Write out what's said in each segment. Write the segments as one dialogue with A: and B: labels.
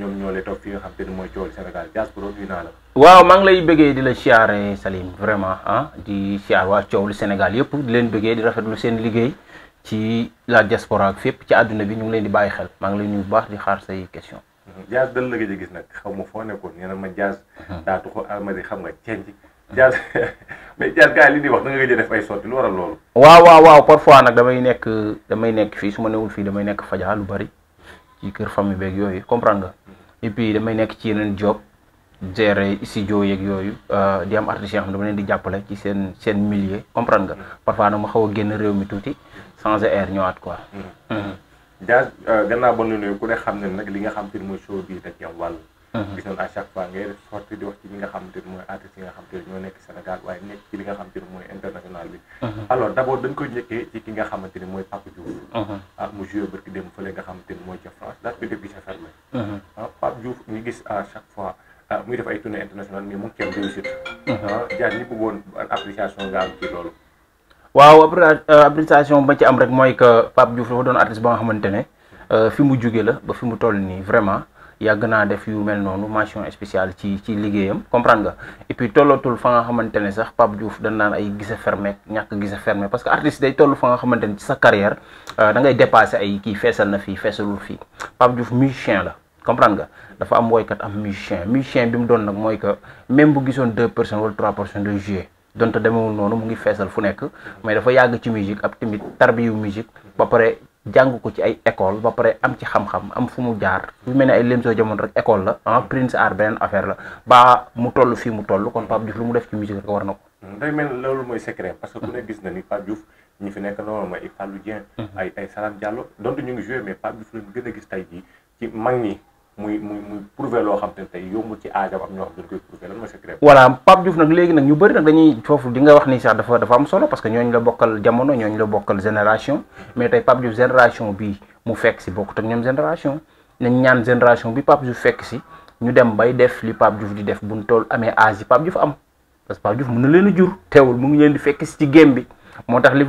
A: ñoom ñoo lay toog fi nga xam te ne mooy coowal Sénégal diaspora nuyu naa la.
B: waaw maa ngi lay bëggee di la siyaare Salim vraiment ah di siyaar waa coowlu senegal yëpp di leen bëggee di rafet lu seen liggéey ci la diaspora ak fépp ci àdduna bi ñu ngi leen di bàyyi xel maa ngi lay nuyu bu baax di xaar say question
A: mhm. Diaz dal la gëj gis nag xaw ma foo nekkoon nee na ma Diaz. Mhm. daatu ko almadi xam nga ceeñ ci. Diaz mais Diaz gars yi li ñuy wax da nga gëj a def ay sotti lu waral
B: nekk damay nekk fii su ma newul fii damay nekk faja lu bari ci kër famille beeg yooyu comprendre et puis damay nekk ci yeneen job gérer studio yeeg yooyu euh, di am artistes yoo xam dama leen di jàppale ci seen seen milieu comprendre nga mm-hmm. parfois nag ma xaw a génn réew mi tuuti changer air ñëwaat quoi. Mm-hmm.
A: Dia euh, gannaaw ba nu nuyu ku ne xam ne nag li nga xam te mooy show bii rek yow gis nañ à ngay def sorte di wax ci nga xamante ni mooy artistes yi nga xamante ni ñoo nekk Sénégal waaye nekk ci li nga xamante ni mooy international bi alors d' abord dañ koy njëkkee ci ki nga xamante ni mooy Pape Diouf ah mu joué barki dem fële nga xamante ni mooy ca France daal koy def bi sa ah Pape Diouf ñu gis à chaque fois muy def ay tournée internationale mais mu ngi réussite ah jaar appréciation ci loolu
B: waaw appréciation ba ci am rek mooy que Pape Diouf dafa doon artiste ba nga xamante ne fi mu la ba fi mu toll nii vraiment yagna def yu mel nonou mention spéciale ci ci liggéeyam comprendre nga et puis tolotul fa nga xamantene sax pap Diouf dañ naan ay gise fermé ñak gise fermé parce que artiste day toll fa nga xamantene ci sa carrière euh, da ngay dépasser ay ki fessel na fi feesalul fi pap Diouf musicien la comprendre nga dafa am kat am musicien musicien bimu don nak moy que même bu gisoon deux personnes wala trois personnes de jouer donte demewul nonou mu ngi fessel fu nek mais dafa yag ci musique ak tamit tarbiyu musique ba pare jàng ko ci ay école ba pare am ci xam-xam am fu mu jaar lu mel ni ay Lemzo Diamono rek école la ah Prince Art beneen affaire la ba mu toll fii mu toll kon Pape Diouf lu mu def ci musique rek war na ko.
A: Hmm, day mel ne loolu mooy secret parce que ku ne gis na ni Pape Diouf ñi fi nekk noonu mooy ay Fallou Dieng. Hmm. ay ay Salam Diallo donte ñu ngi mais Pape Diouf gën a gis tey jii ci mag ñi. muy muy muy prouver loo xam te tey yombul ci aajam am ñoo xam dañ koy prouver lan mooy secret voilà
B: Pape Diouf nag léegi nag ñu bëri nag dañuy foofu di nga wax ni sax dafa dafa am solo parce que ñooñu la bokkal jamono ñooñu la bokkal génération mm-hmm. mais tey Pape Diouf génération bi mu fekk si bokkut tam ñoom génération nañ ñaan génération bi Pape Diouf fekk si ñu dem bay def li Pape Diouf di def buñ toll amee âge yi Pape Diouf am parce que Pape Diouf mën na leen a jur mu ngi leen di fekk si ci bi moo tax li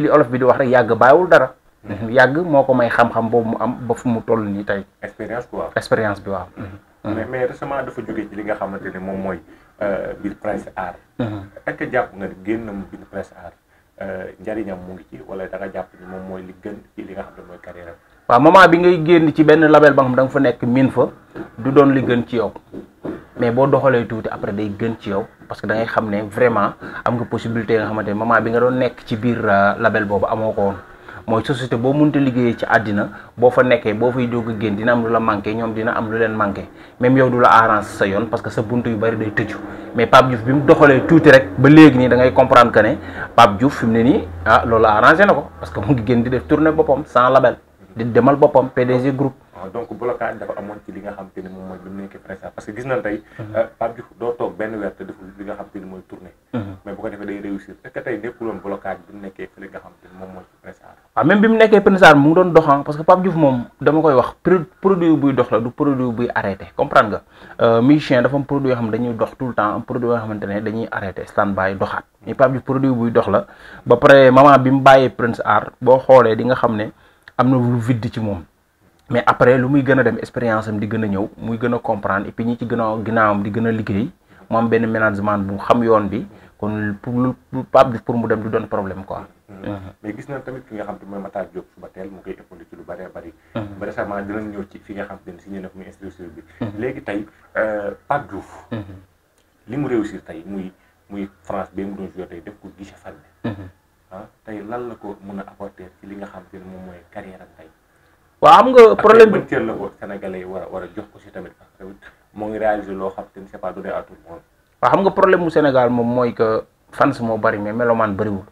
B: li olof bi di wax rek yàgg bàyyiwul dara yàgg moo ko may xam-xam boobu mu am ba fu mu toll nii tey. expérience bi waaw bi mm-hmm. waaw. Mm-hmm. mais
A: mais récemment dafa jógee ci li nga xamante ne moom mooy euh, biir Prince r mm-hmm. est-ce jàpp nga génn génnam biir Prince Art euh, njariñam mu ngi ci wala da jàpp ni moom mooy li gën ci li nga xam ne mooy
B: waaw moment bi ngay génn ci benn label ba nga xam da nga fa nekk miin fa du doon li gën ci yow mais boo doxalee tuuti après day gën ci yow parce que da xam ne vraiment am nga possibilité nga xamante ne moment bi nga doon nekk ci biir euh, label boobu amoo ko woon. mooy société bo munti liggéeyee ci àddina bo fa nekkee boo fay jóg a dina am lu la manqué ñoom dina am lu leen manqué même yow du la arrange sa yoon parce que sa bunt yu bari day tëju mais Pape Diouf bi mu doxalee tuuti rek ba léegi nii da ngay comprendre que ne Pape Diouf fi ni ne nii ah loolu arrangé na ko parce que mu ngi génn di def tournée boppam sans label di demal boppam PDG groupe
A: waaw ah, donc blocage
B: dafa amoon ci li nga
A: xam te ni moom mooy bi mu nekkee président parce que gis nañ tey mhm. euh, Pape Diouf doo toog benn weer te deful li nga xam te ni mooy tournée mhm. mais bu ko defee day réussir est-ce que tey nekkul woon blocage bi mu nekkee fële nga xam te ni moom mooy ah,
B: mu doxaat mais Pape Diouf produit buy dox la ba pare moment bi mu bàyyee Prince Art boo xoolee di nga xam ne am na lu ci moom mais après lu muy gën a dem expérience am di gën a ñëw muy gën a comprendre et puis ñi ci gën a ginnaawam di gën a liggéey mu am benn bu xam yoon bi kon pour lu Pape pour mu dem du doon problème quoi.
A: Mm-hmm. Mm-hmm. mais gis nañ tamit ki nga xam te mooy Matar Diop suba teel mu koy épondé bari bari. Mm-hmm. ba récemment dinañ ñëw ci fi nga xam ne si ñu léegi tey euh, Pape Diouf. li mu réussir tey muy muy France bee mu doon joué tey def ko guichet fermé. ah tey lan la ko mën a apporter ci li nga xam te ne moom mooy carrière ak tey. waa xam nga problème bi cër la ko sénégalais yi war a a jox si tamit moo ngi loo xam te ne c'est pas donné à
B: xam nga problème mu Sénégal moom mooy que fans moo bari mais melomaan bëriwul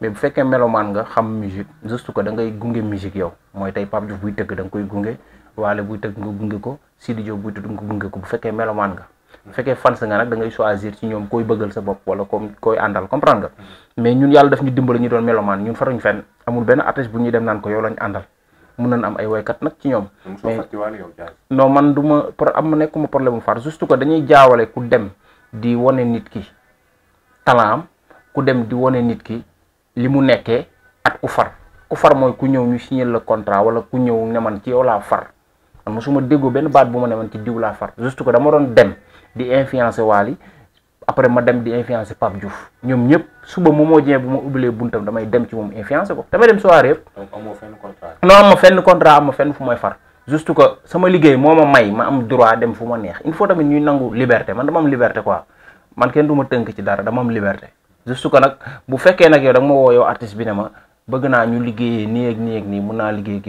B: mais bu fekkee melomaan nga xam musique juste ko da ngay gunge musique yow mooy tey Pape Diouf buy tëgg da nga koy gunge waale buy tëgg nga gunge ko Sidi Diop buy tëgg nga gunge ko bu fekkee melomaan nga. bu fekkee fans nga nag da ngay choisir ci ñoom koy bëggal sa bopp wala comme koy àndal comprendre nga. Mm-hmm. mais ñun yàlla daf ñu dimbali ñu doon melomaan ñun faruñ fenn amul benn artiste bu ñuy dem naan ko yow lañ àndal mun nañ am ay waykat nag ci ñoom. mais non man duma ma pour am nekkuma problème mu faatu juste que dañuy jaawale ku dem di wane nit ki talent am ku dem di wane nit ki li mu nekkee ak ku far ku far mooy ku ñëw ñu signé la contrat wala ku ñëw ne man ci yow laa far man suma déggoo benn baat bu ma ne man ci diw far juste ko dama doon dem di influencer waali après ma dem di influencer Pape Diouf ñoom ñëpp suba Momo Dieng bu ma ubbilee buntam damay dem ci moom influencer ko damay dem soirée yëpp. donc am ma fenn contrat am ma fenn fu may far juste que sama liggéey moo may ma am droit dem fu ma neex il faut tamit ñuy nangu liberté man dama am liberté quoi man kenn du tënk ci dara dama am liberté. juste que nag bu fekkee nag yow da nga ma woo yow artiste bi ne ma bëgg naa ñu liggéeyee nii ak nii ak nii mun naa liggéey ak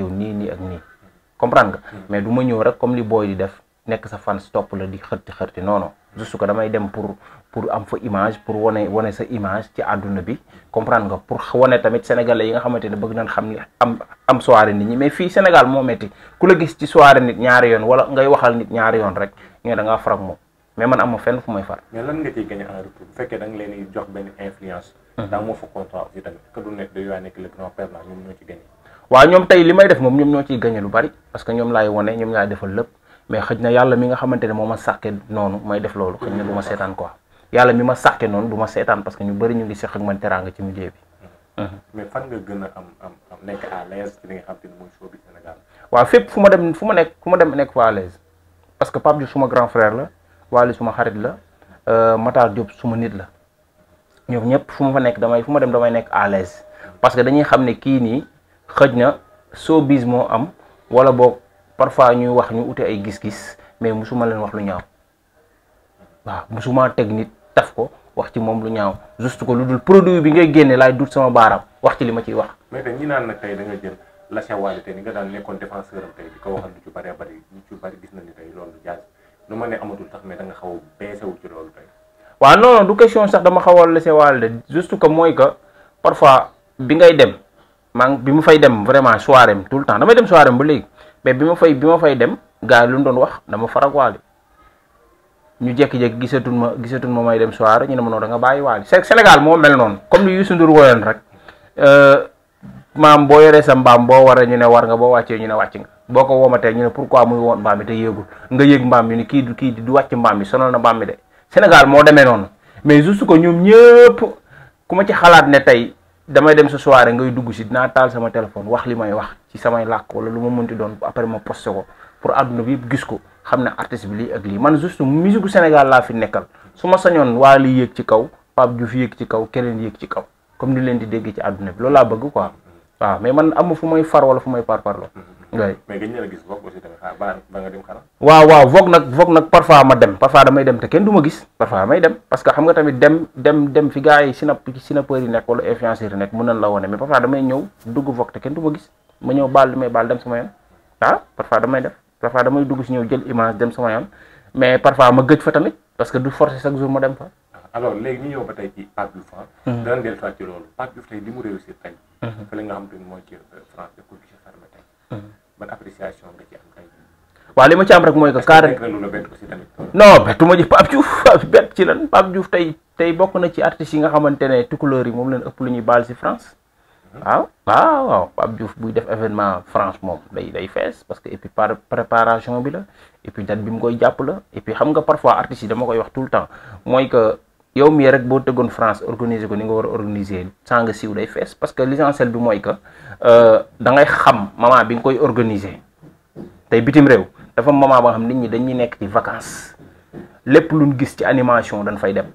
B: yow nek sa fan stop la di xërti xërti non non juste que damay dem pour pour am fa image pour woné woné sa image ci aduna bi comprendre nga pour woné tamit sénégalais yi nga xamanteni bëgg nañ xam am am soirée nit ñi mais fi Sénégal mo metti ku la gis ci soirée nit ñaar yoon wala ngay waxal nit ñaar yoon rek ñu da nga frag mo mais man amu fenn fu may far.
A: mais lan nga ci gagné en retour bu fekke da nga leen
B: jox ben influence. Hmm. da mo fa contrat aussi tamit que du nek de yow nek le grand père la ñoom ñoo ci gagné. wa ñom tay limay def mom ñom ñoo ci gagné lu bari parce que ñom lay woné ñom ñaay defal lepp mais xëj na yàlla mi nga xamante ne moo ma sàkke noonu may def loolu xëj na du ma seetaan ko yàlla mi ma sàkke noonu duma ma seetaan parce que ñu bëri ñu ngi seq ak man teraanga mm-hmm.
A: mais fan nga gën am am am nekk
B: waaw fépp fu ma dem fu ma nekk fu ma dem nekk fa à parce que Pape Diouf suma grand la Waly suma xarit la euh, Matar Diop suma nit la ñoom ñëpp fu ma fa nekk damay fu ma dem damay nekk à l'aise parce que dañuy xam ne kii nii xëj na showbiz moo am walla boo parfois ñuy wax ñu ute ay gis-gis mais musuma leen wax lu ñaaw waaw musuma teg nit taf ko wax ci moom lu ñaaw juste ko lu dul produit bi ngay génne laay dut sama baaraam wax ci li ma ciy wax.
A: mais ñi naan nag tey da nga jël la sewaale tey nekkoon défenseur am ko waxal lu ci bëree bëri gis na ni tey loolu jaaj lu amatul sax mais da xaw a baissé wu ci loolu tey.
B: waaw sax dama xaw a la sewaale de juste que mooy que parfois bi ngay dem maa ngi bi mu fay dem vraiment soirée tout le temps damay dem soirée ba léegi. mais bi ma fay bi ma fay dem gars yi lu mu doon wax dama farag waali ñu jékki-jékki gisatun ma gisatun ma may dem soirée ñu ne ma noonu da nga bàyyi waali Sénégal moo mel noonu comme li Youssou Ndour woyoon euh, boo yoree sa mbaam boo waree ñu ne war nga boo wàccee ñu ne wàcc nga boo ko woomatee ñu ne pourquoi muy woon mbaam mi te yéegul nga yéeg mbaam mi ni kii du kii du wàcc mbaam mi sonal na mbaam mi de Sénégal moo demee noonu mais juste que ñoom ñëpp ku ma ci xalaat ne tey damay dem sa soirée ngay dugg si dinaa taal sama téléphone wax li may wax ci samay làkk wala lu ma ti doon après ma posté ko pour àdduna bi yëpp gis ko xam ne artiste bi lii ak lii man juste musique Sénégal laa fi nekkal su ma sañoon waa li yéeg ci kaw Pape Diouf yéeg ci kaw keneen yéeg ci kaw comme ni leen di dégg ci àdduna bi loolu laa bëgg ko waaw mais man am fu may far wala fu may parparloo waay
A: mais gëj na la gis Vogue aussi tamit xanaa ba ba nga dem xanaa.
B: waaw waaw Vogue nag Vogue nag parfois ma dem parfois damay dem te kenn du ma gis parfois may dem parce que xam nga tamit dem dem dem fi gars yi eh, sinap sinapeur eh, yi nekk wala eh, influenceur yi nekk mën nañ la wone mais parfois damay ñëw dugg Vogue te kenn du ma gis ma ñëw baal li may baal dem sama yoon ah parfois damay def parfois damay dugg si ñëw jël image dem sama yoon mais parfois ma gëj fa tamit parce que du forcer chaque jour ma dem fa.
A: alors léegi ñu ñëw ba tey ci Pape Diouf ah. danañ dellu ci loolu Pape Diouf tey li mu réussir tey. Mhm. fële nga xam te ne ci euh, France de culture fermée tey. Mhm. ban appréciation nga ci
B: li ma ci am rek mooy que carré non bettu ma ji Pape Diouf bett ci lan Pape Diouf tey bokk na ci artistes yi nga xamante ne tukulóor yi moom leen ëpp lu ñuy baal si France waaw mhm. ah, waaw waaw Pape buy def événement France moom day day fees parce que et puis par préparation bi la et puis date bi mu koy jàpp la et puis xam nga parfois artistes yi dama koy wax tout le temps mooy que yow mi rek bo teggon France organiser ko ni nga war organiser sang siw day fess parce que l'essentiel bi ka euh da ngay xam moment bi nga koy organiser tay bitim rew dafa moment ba xam nit ñi dañuy nekk ci vacances lepp luñu gis ci animation dañ fay dem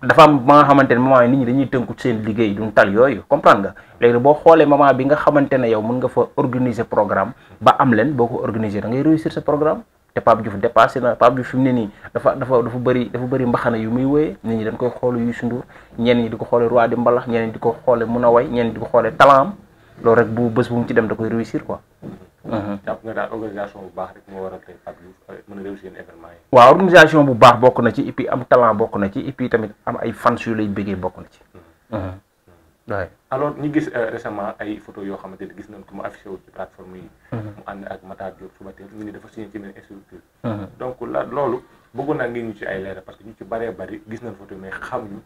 B: dafa am ba nga xamante moment nit ñi dañuy tënku seen liggéey duñ tal yooyu comprendre nga léegi bo xolé moment bi nga xamantene yow mën nga fa organiser programme ba am leen boko organiser da ngay réussir sa programme te Pape Diouf dépassé na Pape Diouf fi mu ne nii dafa dafa dafa bëri dafa bëri mbaxana yu muy wooyee nit ñi dañ koy xoole Youssou Ndour ñenn ñi di ko xoole roi di mbalax ñenn ñi di ko xoole mun a way ñenn ñi di ko xoole talaam loolu rek bu bés bu mu ci dem da koy réussir ko mmh.
A: jàpp nga daal organisation bu baax rek moo waral tey Pape Diouf mën yi.
B: waaw organisation bu baax bokk na ci et puis am talent bokk na ci et puis tamit am ay fans yu lay bëggee bokk na ci. Mmh. Mmh.
A: alors ñu gis euh, récemment ay photo yoo xamante ni gis nañ ko mu affiché wu ci plateforme yi. Mhm. mu ànd ak Matar Diop suba teel ñu ne dafa signé ci benn structure. Mhm. donc la loolu bëggu naa ngeen ñu ci ay leeral parce que ñu ci bëree bari gis nañ photo mais xamuñu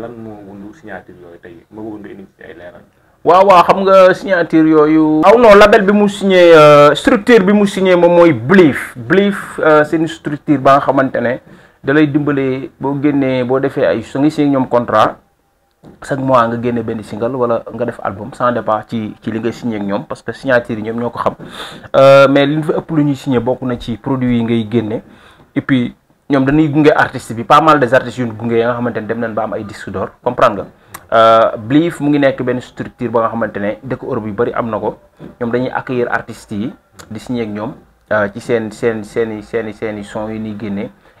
A: lan moo wundu signature yooyu tey ma bëggu nga indi ci ay leeral.
B: waaw waaw xam nga signature yooyu. aw non label bi mu signé euh, structure bi mu signé moom mooy Belief Belief euh, c'est une structure ba nga xamante ne da lay dimbale boo génnee boo defee ay su ngi signé ñoom contrat. chaque mois nga génne benn single wala nga def album sans pas ci ci li ngay signé ñoom parce que signature yi ñoom ñoo ko xam euh, mais li ñu fa ëpp lu ñuy signé bokk na ci produit yi ngay génne et ñoom dañuy gunge artiste bi pas mal des artistes yu gunge ya nga xamante ne dem nañ ba am ay disque d'or comprendre nga euh, Blif mu ngi nekk benn structure ba nga xamante ne dëkk Europe yu bëri am na ko ñoom dañuy accueillir artistes yi di signé ak ñoom euh, ci seen seen seen i seen i seen yi ñuy génnee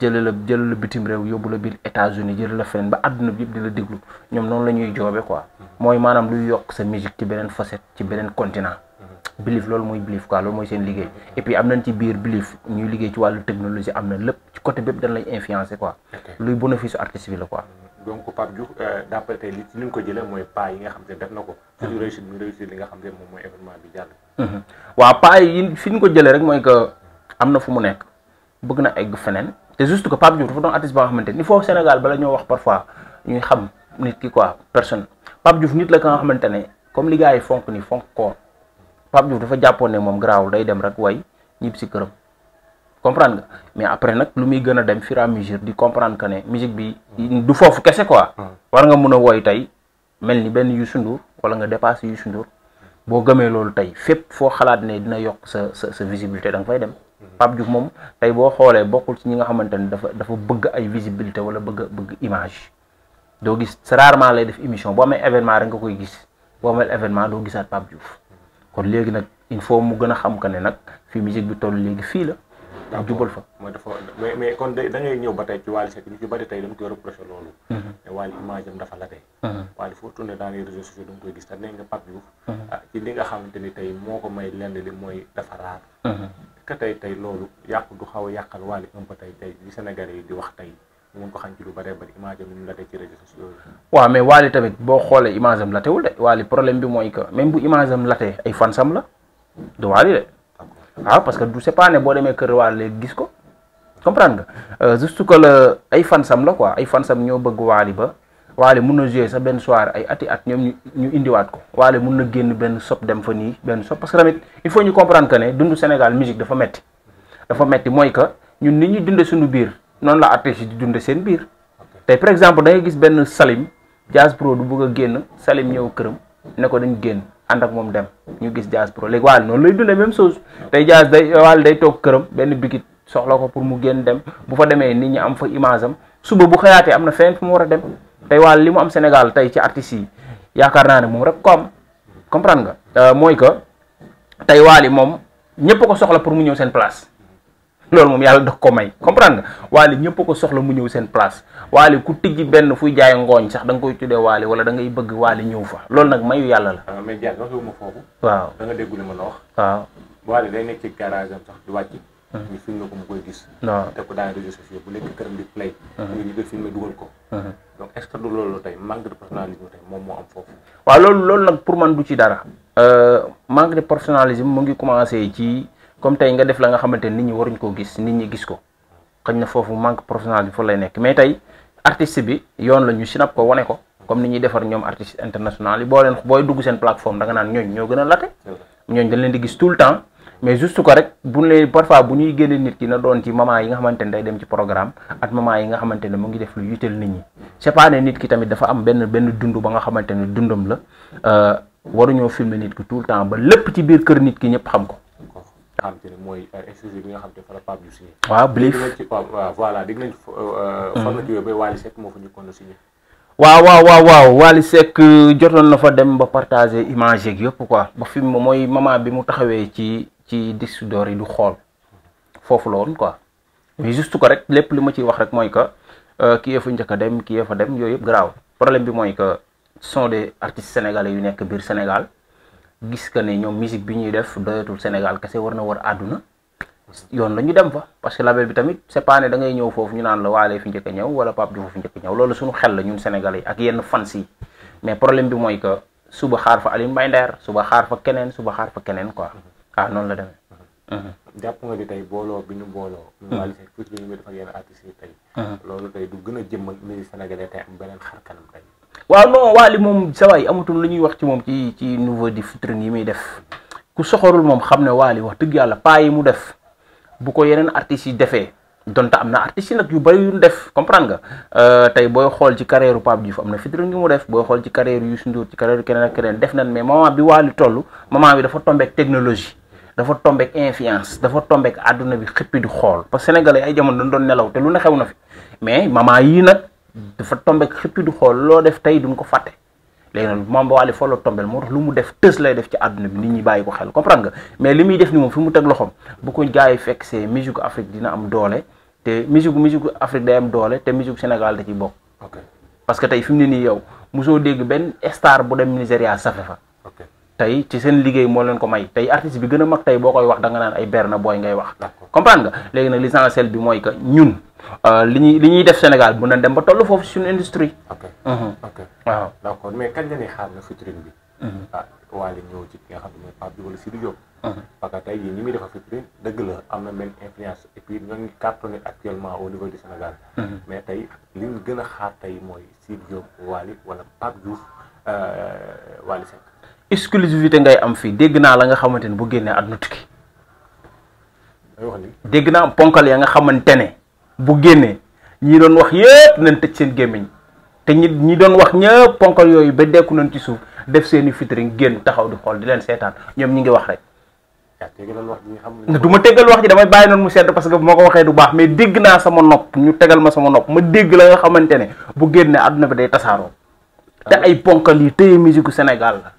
B: jële la jële la bitim réew yóbbu la biir États-Unis jële la feneen ba àdduna bi yëpp di la ñoom noonu la joobe quoi mooy maanaam luy yokk sa musique ci beneen facette ci beneen continent bilif loolu mooy bilif quoi loolu mooy seen liggéey et puis am na fu mu nekk bëgg na egg feneen c'est juste que Pape Diouf dafa doon artiste ba nga ni foofu Sénégal bala ñoo wax parfois ñuy xam nit ki quoi personne Pape Diouf nit la ka nga xamante ne comme li gars fonk ni fonk ko Pape Diouf dafa jàppoon ne moom garaawul day dem rek way ñib si këram comprendre nga mais après nag lu muy gën dem fur et à mesure di comprendre que ne musique bi du fofu kese quoi ah. war nga mun a woy tey mel ni benn Youssou Ndour wala nga dépassé Youssou Ndour boo gëmee loolu tey fépp foo xalaat ne dina yokk sa sa visibilité da nga fay dem Mhm. Pape Diouf moom tey boo xoolee bokkul ci ñi nga xamante ne dafa dafa bëgg ay visibilité wala bëgg bëgg image doo gis rarement lay def émission boo amee événement rek nga koy gis boo amee nag il a xam que ne nag fii musique bi toll léegi fii la. dafa jubal fa mooy
A: mais kon da ngay ñëw ba tey ci Wally Seck ñu ci bari tey dañ koy reproché loolu. te mhm. Wally image dafa la tey. Mhm. Wally foo tourné dans réseaux sociaux da nga koy gis te nee nga Pape Diouf. Ah, ci li nga xamante ni moo ko may lenn li mooy dafa raar. que tey tey loolu yàqu du xaw a yàqal Wally un peu tey tey li Sénégalais yi di wax tey ñu mun ko xam ci lu bare bëri image am ñu la teg ci réseaux sociaux yi.
B: waaw mais Wally tamit boo xoolee image am latewul de Wally problème bi mooy que même bu image late latee ay fansam la du Wally de. waaw ah, parce que du c'est pas boo demee kër Wally léegi gis ko comprendre nga euh, juste que la ay fansam la quoi ay fansam ñoo bëgg Wally ba. waale mun na jouer sa benn soir ay ati at ñoom ñu ñu indiwaat ko waale mun na génn benn sop dem fa nii benn sop parce que tamit il faut ñu comprendre que ne dund Sénégal musique dafa metti dafa metti mooy que ñun nit ñi dundee suñu biir noonu la artiste di dundee seen biir te par exemple da gis benn Salim Jazz Pro du bëgg a génn Salim ñëw këram ne ko dañ génn ànd ak moom dem ñu gis Jazz Pro léegi waale noonu lay dunde même chose tey Jazz day waale day toog këram benn bigit soxla ko pour mu génn dem bu fa demee nit ñi am fa image am suba bu xëyaatee am na feneen fu mu war a dem tay wal limu am senegal tay ci artiste yi yakar naa ne moom rek kom comprendre nga euh, moy ko tay waali mom ñepp ko soxla pour mu ñew sen place lool mom yalla dox ko may comprendre nga waali ñepp ko soxla mu ñew sen place waali ku tijji ben fuy jaay ngooñ sax dang koy tuddee waali wala da ngay bëgg waali ñew fa lool nak mayu yalla la. Ah, mais nga waxewuma fofu waaw da nga déggu lima wax. waaw waali day nekk ci garage
A: sax di wacc ni hmm. filmé ko mu koy gis. waaw te ko daan réseaux sociaux bu nekk kërëm di play. Hmm. ñu filmé dugal ko. Hmm. que du loolu tey manque de professionnalisme tey moom moo am foofu.
B: waaw loolu loolu nag pour man du ci dara. Euh, manque de professionnalisme mu ngi commencé ci comme tey nga def la nga xamante nit ñi waruñ koo gis nit ñi gis ko xëy na foofu manque professionnalisme fa lay nekk mais tey artiste bi yoon la ñu sinap ko wane ko. comme ni ñuy defar ñoom artistes internationaux yi boo leen booy dugg seen plateforme da naan ñooñ ñoo gën a late. ñooñ dañ di gis tout le temps mais juste ko rek bu leen parfois bu ñuy génne nit ki na doon ci moment yi nga xamante ne day dem ci programme ak moment yi nga xamante ne mu ngi def lu yitteel nit ñi c'est ne nit ki tamit dafa am benn benn dund ba nga xamante ne dundam la euh, waruñoo filmer nit ki tout le temps ba lépp ci biir kër nit ki ñëpp xam ko. mooy
A: euh, bi nga xam te fa la Pape Diouf signé. waaw Blif voilà dégg nañ euh, mm. a signé.
B: waaw waaw waaw waaw Wally jotoon na fa dem ba partager image yeeg yëpp quoi ba fi mooy moment bi mu taxawee ci. ci dis door yi du xool foofu la woon quoi mais juste ko rek lépp li ma ciy wax rek mooy que euh, kii fa njëkk a dem ki fa dem yooyu yëpp garaaw problème bi mooy que sont des artistes sénégalais yu nekk biir Sénégal gis que ne ñoom musique bi ñuy def doyatul Sénégal kese war na war àdduna yoon lañu dem fa parce que label bi tamit c'est pas ne da ngay ñëw foofu ñu naan la waalee fi njëkk a ñëw wala pap Diouf fi njëkk a ñëw loolu suñu xel la ñun sénégalais ak yenn fans yi mais problème bi mooy que suba xaar fa Alioune mbay Nder suba xaar fa keneen suba xaar fa keneen quoi ah noonu la demee.
A: jàpp nga di tey booloo bi ñu booloo. ñu wàllu say tuuti bi ñu def ak yenn artistes yi tey. loolu tey a jëmmal musique sénégalais tey
B: moom sa waay amatul lu ñuy wax ci moom ci ci niveau di featuring yi muy def ku soxorul moom xam ne Wally wax dëgg yàlla pas mu def bu ko yeneen artistes yi defee donte am na artistes yi nag yu bëri yu def comprendre nga euh, tey booy xool ci carrière Pape Diouf am na featuring yu mu def booy xool ci carrière Youssou Ndour ci carrière keneen ak keneen def nañ mais moment bi Wally toll moment bi dafa tombé ak dafa tombeek influence dafa tombeek àdduna bi xëppi du xool parce que sénégalais ay jamono dañ doon nelaw te lu ne xew na fi mais maman yii nag dafa tombeek xëppi di xool loo def tey duñ ko fàtte léegi nag Mame Waly foo la tombeel moo tax lu mu def tës lay def ci àdduna bi nit ñi bàyyi ko xel comprendre nga mais li muy def ni moom fi mu teg loxoom bu ko jaay fekk see musique Afrique dina am doole te musique musique Afrique day am doole te musique Sénégal da ciy bokk. parce que tey fi mu ne nii yow mosoo dégg benn star bu dem Nigéria safe fa. tey ci seen liggéey moo leen ko may tey artiste bi gën a mag tey boo koy wax da naan ay Berna Boy ngay wax comprendre nga léegi nag l'essentiel bi mooy que ñun euh, li ñuy def Sénégal mhm. mais kañ la mhm.
A: ah, mhm. actuellement au niveau du Sénégal mais tey li ñu gën a xaar tey mooy Sidy Diop waali wala Pape Diouf euh, waali Seck
B: exclusivité ngay am fi dégg na la nga xamante bu génné àdduna tukki dégg na ponkal ya nga xamante bu génné ñi doon wax yépp nañ tecc seen gémmiñ te ñi ñi doon wax ñëpp ponkal yoy ba déku nañ ci suuf def seen fitri génn taxaw di xol di leen seetaan ñom ñi ngi wax rek du tegal wax ji damay bàyyi non mu sedd parce que moko ma du baax mais dégg na sama nopp ñu tegal ma sama nopp ma dégg la nga xamante bu génné bi day te ah ay ponkal yi musique Sénégal la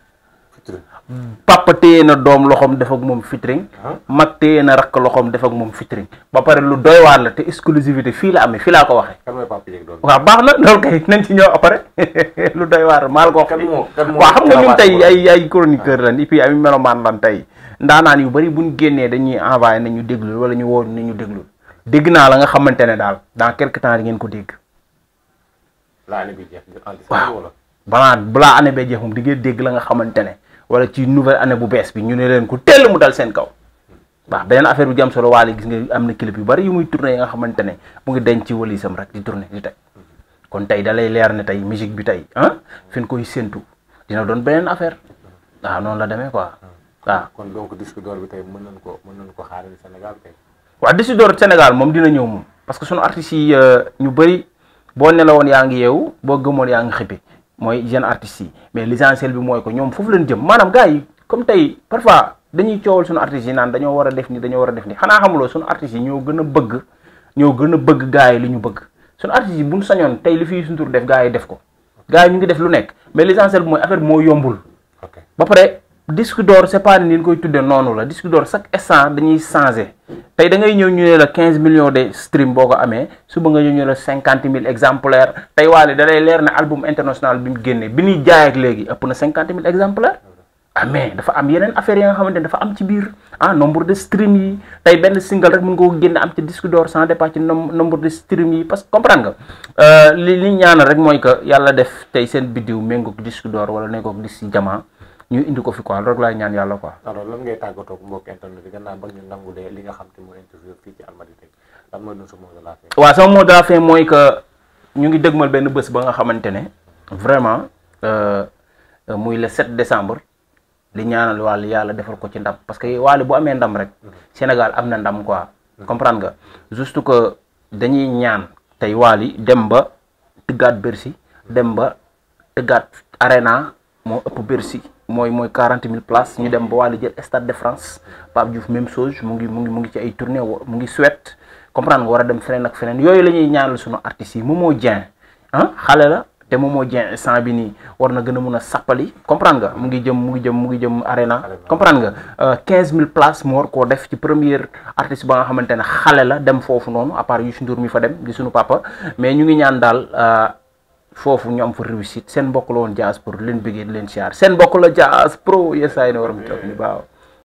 B: papa téye na doom loxoom def moom featuring ah. mag téye na rakk loxoom defak moom featuring ba pare lu doy waar la te exclusivité fii la amee fii laa ko waxee.
A: kan mooy papa
B: baax na loolu kay nañ ci ñëw après lu doy waar maal ko wax. kan moo xam nga ñun tey ay ay chroniqueur ah. lan ay melomaan lan tey ndaanaan yu bëri buñ génnee dañuy envoyé nañu ñu déglu wala ñu woo nañu déglu dégg naa la nga xamante ne daal dans quelque temps ngeen ko dégg. laa année bi jeex balaa année bee jeex moom di ngeen dégg la nga xamante ne wala ci nouvelle année bu bes bi ñu ne leen ko tell mu dal seen kaw waaw benen affaire bu jam solo walé gis nga kilipi clip yu bari yu muy tourner nga xamantene mu ngi denc walisam rek di tourner di teg kon tay dalay leer ne tay musique bi tay ah fin koy sentu dina don benen affaire waaw non la démé quoi waaw.
A: kon donc disque d'or bi tay mën nañ ko mën nañ ko xaaral Sénégal
B: tay wa disque d'or Sénégal mom dina ñew mom parce que sunu artiste yi euh, ñu bari bo nelawon yaangi yew bo boo yaangi xépé mooy jeune artistes yi mais l'essentiel bi mooy ko ñoom foofu lañ jëm maanaam gars yi comme tey parfois dañuy coowal suñu artistes yi naan dañoo war a def ni dañoo war a def ni xanaa xamuloo suñu artistes yi ñoo gën a bëgg ñoo gën a bëgg gars yi li ñu bëgg sunu artistes yi bu buñ sañoon tey li fi suñu tur def gars yi def ko gars ñu ngi def lu nekk mais l'essentiel bi mooy affaire bi moo yombul ba pare disque d'or c'est pas ni koy tuddee la disque d'or chaque instant dañuy changer tay da ngay ñëw ñu ne la 15 millions de stream boko amé amee suba nga ñëw ñu la exemplaires tay walé da lay lér na album international bi mu génnee bi ñuy jaay ak légui ëpp na 50000 exemplaires ah dafa am yenen affaire yi nga xamante dafa am ci biir ah nombre de stream yi tay ben single rek mën nga ko génné am ci disque d'or sans départ ci nombre de stream yi parce que comprendre nga euh, li li ñaanal rek moy que yalla def tay seen biddiw mengo disque d'or wala nekkoog disque ñu indi ko fi quoi rek lay ñaan yalla quoi.
A: alors lan ngay tàggatoo ak mbokk internet yi gannaaw ba ñu nangulee li nga xam ci mo interview fi ci almadi tek lan moy do sama mot de la fin.
B: waaw sama mot de la fin mooy que ñu ngi dëgmal benn bëss ba nga xamantene vraiment euh, euh muy le 7 décembre li ñaanal Wally yalla défar ko ci ndam parce que Wally bu amé ndam rek mhm. Sénégal amna ndam quoi. Mhm. comprendre nga juste que dañuy ñaan tay Wally dem ba tigat Bercy dem ba tigat Arena mo ëpp Bercy. mooy mooy quarante mille places ñu dem ba wàllu jël Stade de France Pape Diouf même chose mu ngi mu ngi mu ngi ci ay tournée mu ngi Suède comprendre nga war a dem feneen ak feneen yooyu la ñuy ñaanal suñu artistes yi Momo Dieng ah xale la te Momo Dieng sant bi nii war na gën a mun a sàppali comprendre nga mu ngi jëm mu ngi jëm mu ngi jëm arena comprendre nga euh, mille place mu war koo def ci première artiste ba nga xamante ne xale la dem foofu noonu à part Youssou Ndour mi fa dem di suñu papa foofu ñu am fa seen mbokk la woon Diaz Pro leen bëggee leen siyaar seen mbokk la Diaz Pro yesaay ne waram toog ñu baaw